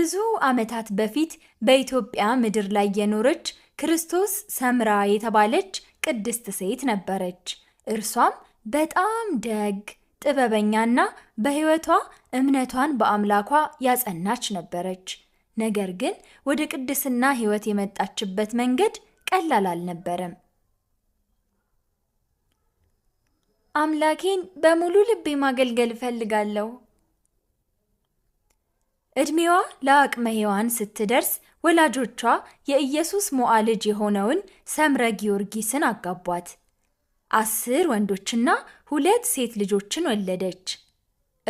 ከብዙ ዓመታት በፊት በኢትዮጵያ ምድር ላይ የኖረች ክርስቶስ ሰምራ የተባለች ቅድስት ሴት ነበረች። እርሷም በጣም ደግ፣ ጥበበኛና በሕይወቷ እምነቷን በአምላኳ ያጸናች ነበረች። ነገር ግን ወደ ቅድስና ሕይወት የመጣችበት መንገድ ቀላል አልነበረም። አምላኬን በሙሉ ልቤ ማገልገል እፈልጋለሁ ዕድሜዋ ለአቅመ ሔዋን ስትደርስ ወላጆቿ የኢየሱስ ሞዓ ልጅ የሆነውን ሰምረ ጊዮርጊስን አጋቧት። አስር ወንዶችና ሁለት ሴት ልጆችን ወለደች።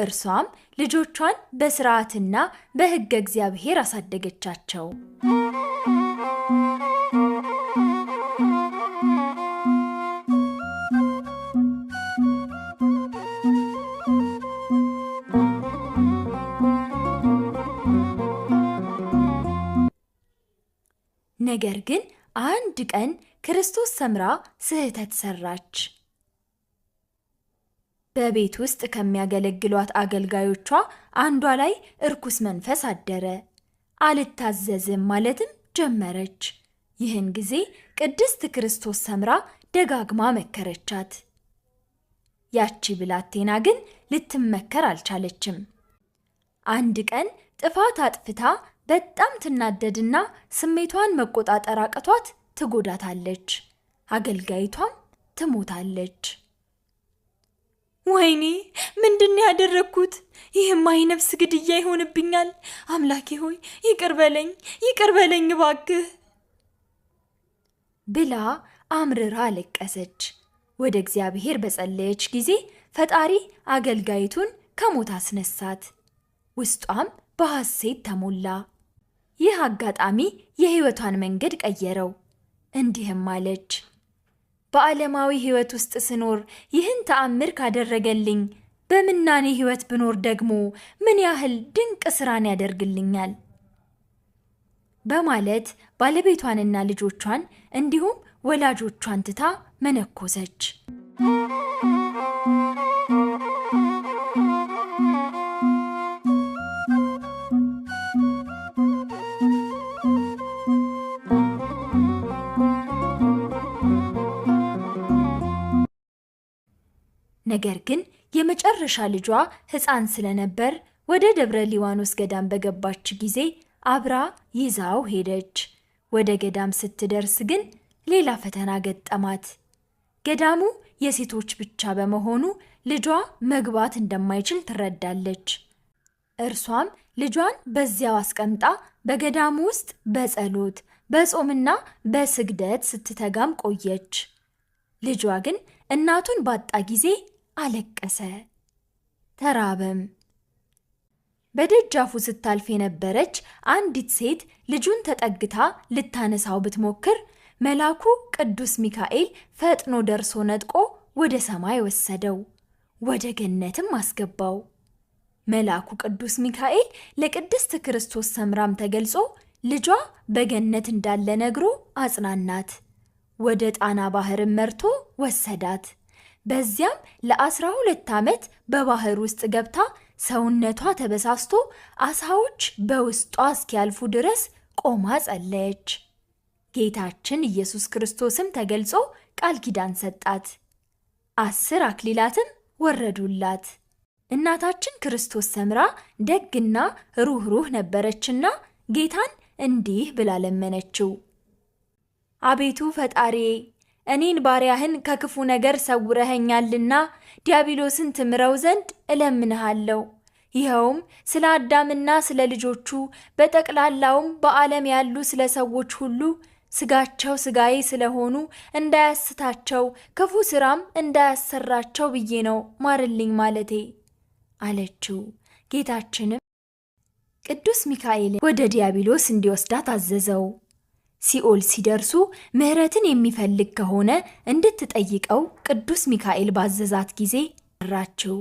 እርሷም ልጆቿን በሥርዓትና በሕገ እግዚአብሔር አሳደገቻቸው። ነገር ግን አንድ ቀን ክርስቶስ ሰምራ ስህተት ሰራች። በቤት ውስጥ ከሚያገለግሏት አገልጋዮቿ አንዷ ላይ እርኩስ መንፈስ አደረ። አልታዘዝም ማለትም ጀመረች። ይህን ጊዜ ቅድስት ክርስቶስ ሰምራ ደጋግማ መከረቻት። ያቺ ብላቴና ግን ልትመከር አልቻለችም። አንድ ቀን ጥፋት አጥፍታ በጣም ትናደድና ስሜቷን መቆጣጠር አቅቷት ትጎዳታለች። አገልጋይቷም ትሞታለች። ወይኔ ምንድን ያደረግኩት? ይህም አይነፍስ ግድያ ይሆንብኛል። አምላኬ ሆይ ይቅር በለኝ፣ ይቅር በለኝ እባክህ ብላ አምርራ አለቀሰች። ወደ እግዚአብሔር በጸለየች ጊዜ ፈጣሪ አገልጋይቱን ከሞት አስነሳት። ውስጧም በሐሴት ተሞላ። ይህ አጋጣሚ የህይወቷን መንገድ ቀየረው። እንዲህም አለች፣ በዓለማዊ ህይወት ውስጥ ስኖር ይህን ተአምር ካደረገልኝ በምናኔ ህይወት ብኖር ደግሞ ምን ያህል ድንቅ ስራን ያደርግልኛል በማለት ባለቤቷንና ልጆቿን እንዲሁም ወላጆቿን ትታ መነኮሰች። ነገር ግን የመጨረሻ ልጇ ሕፃን ስለነበር ወደ ደብረ ሊባኖስ ገዳም በገባች ጊዜ አብራ ይዛው ሄደች። ወደ ገዳም ስትደርስ ግን ሌላ ፈተና ገጠማት። ገዳሙ የሴቶች ብቻ በመሆኑ ልጇ መግባት እንደማይችል ትረዳለች። እርሷም ልጇን በዚያው አስቀምጣ በገዳሙ ውስጥ በጸሎት በጾምና በስግደት ስትተጋም ቆየች። ልጇ ግን እናቱን ባጣ ጊዜ አለቀሰ፣ ተራበም። በደጃፉ ስታልፍ የነበረች አንዲት ሴት ልጁን ተጠግታ ልታነሳው ብትሞክር መልአኩ ቅዱስ ሚካኤል ፈጥኖ ደርሶ ነጥቆ ወደ ሰማይ ወሰደው፣ ወደ ገነትም አስገባው። መልአኩ ቅዱስ ሚካኤል ለቅድስት ክርስቶስ ሰምራም ተገልጾ ልጇ በገነት እንዳለ ነግሮ አጽናናት። ወደ ጣና ባህርም መርቶ ወሰዳት። በዚያም ለአስራ ሁለት ዓመት በባህር ውስጥ ገብታ ሰውነቷ ተበሳስቶ አሳዎች በውስጧ እስኪያልፉ ድረስ ቆማ ጸለየች። ጌታችን ኢየሱስ ክርስቶስም ተገልጾ ቃል ኪዳን ሰጣት። አስር አክሊላትም ወረዱላት። እናታችን ክርስቶስ ሰምራ ደግና ሩኅሩህ ነበረችና ጌታን እንዲህ ብላ ለመነችው። አቤቱ ፈጣሪዬ እኔን ባሪያህን ከክፉ ነገር ሰውረኸኛልና ዲያብሎስን ትምረው ዘንድ እለምንሃለሁ። ይኸውም ስለ አዳምና ስለ ልጆቹ በጠቅላላውም በዓለም ያሉ ስለ ሰዎች ሁሉ ስጋቸው ስጋዬ ስለሆኑ እንዳያስታቸው ክፉ ስራም እንዳያሰራቸው ብዬ ነው ማርልኝ ማለቴ አለችው። ጌታችንም ቅዱስ ሚካኤልን ወደ ዲያብሎስ እንዲወስዳት አዘዘው። ሲኦል ሲደርሱ ምሕረትን የሚፈልግ ከሆነ እንድትጠይቀው ቅዱስ ሚካኤል ባዘዛት ጊዜ ራችው።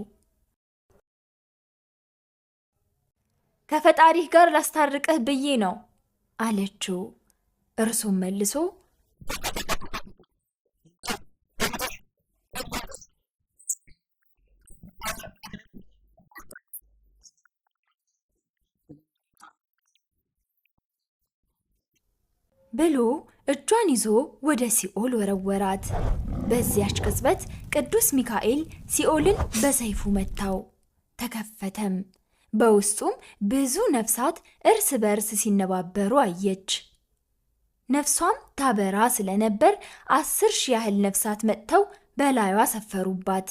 ከፈጣሪህ ጋር ላስታርቅህ ብዬ ነው አለችው። እርሱም መልሶ ብሎ እጇን ይዞ ወደ ሲኦል ወረወራት። በዚያች ቅጽበት ቅዱስ ሚካኤል ሲኦልን በሰይፉ መታው፣ ተከፈተም። በውስጡም ብዙ ነፍሳት እርስ በርስ ሲነባበሩ አየች። ነፍሷም ታበራ ስለነበር አስር ሺህ ያህል ነፍሳት መጥተው በላዩ ሰፈሩባት።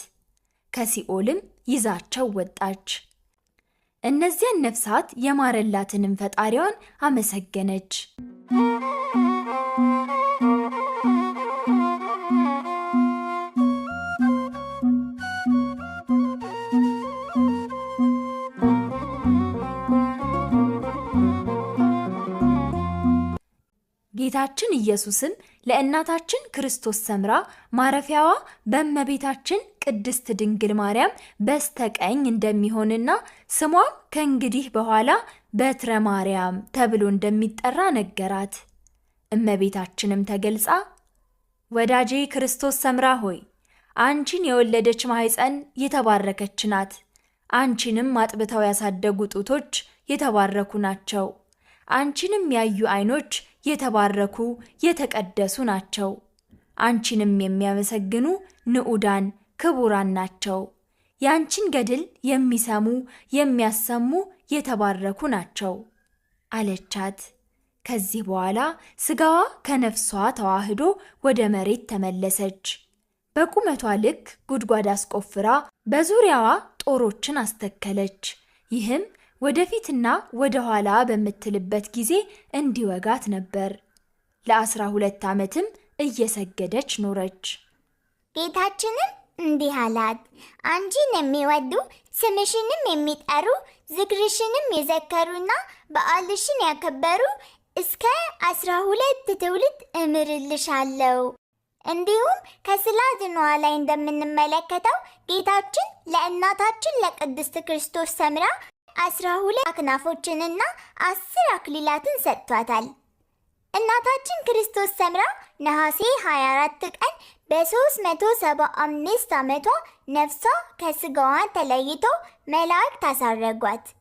ከሲኦልም ይዛቸው ወጣች። እነዚያን ነፍሳት የማረላትንም ፈጣሪዋን አመሰገነች። ጌታችን ኢየሱስም ለእናታችን ክርስቶስ ሰምራ ማረፊያዋ በእመቤታችን ቅድስት ድንግል ማርያም በስተቀኝ እንደሚሆንና ስሟም ከእንግዲህ በኋላ በትረ ማርያም ተብሎ እንደሚጠራ ነገራት። እመቤታችንም ተገልጻ ወዳጄ ክርስቶስ ሰምራ ሆይ አንቺን የወለደች ማኅፀን የተባረከች ናት። አንቺንም አጥብተው ያሳደጉ ጡቶች የተባረኩ ናቸው። አንቺንም ያዩ አይኖች የተባረኩ የተቀደሱ ናቸው። አንቺንም የሚያመሰግኑ ንዑዳን ክቡራን ናቸው። የአንቺን ገድል የሚሰሙ የሚያሰሙ የተባረኩ ናቸው አለቻት። ከዚህ በኋላ ስጋዋ ከነፍሷ ተዋህዶ ወደ መሬት ተመለሰች። በቁመቷ ልክ ጉድጓድ አስቆፍራ በዙሪያዋ ጦሮችን አስተከለች። ይህም ወደፊትና ወደ ኋላ በምትልበት ጊዜ እንዲወጋት ነበር። ለአስራ ሁለት ዓመትም እየሰገደች ኖረች። ጌታችንም እንዲህ አላት፣ አንቺን የሚወዱ ስምሽንም የሚጠሩ ዝክርሽንም የዘከሩና በዓልሽን ያከበሩ እስከ አስራ ሁለት ትውልድ አለው። እንዲሁም ከስላ ንዋየ ላይ እንደምንመለከተው ጌታችን ለእናታችን ለቅድስት ክርስቶስ ሰምራ አስራ ሁለት አክናፎችንና አስር አክሊላትን ሰጥቷታል። እናታችን ክርስቶስ ሰምራ ነሐሴ 24 ቀን በ375 ዓመቷ ነፍሷ ከስጋዋ ተለይቶ መላእክት አሳረጓት።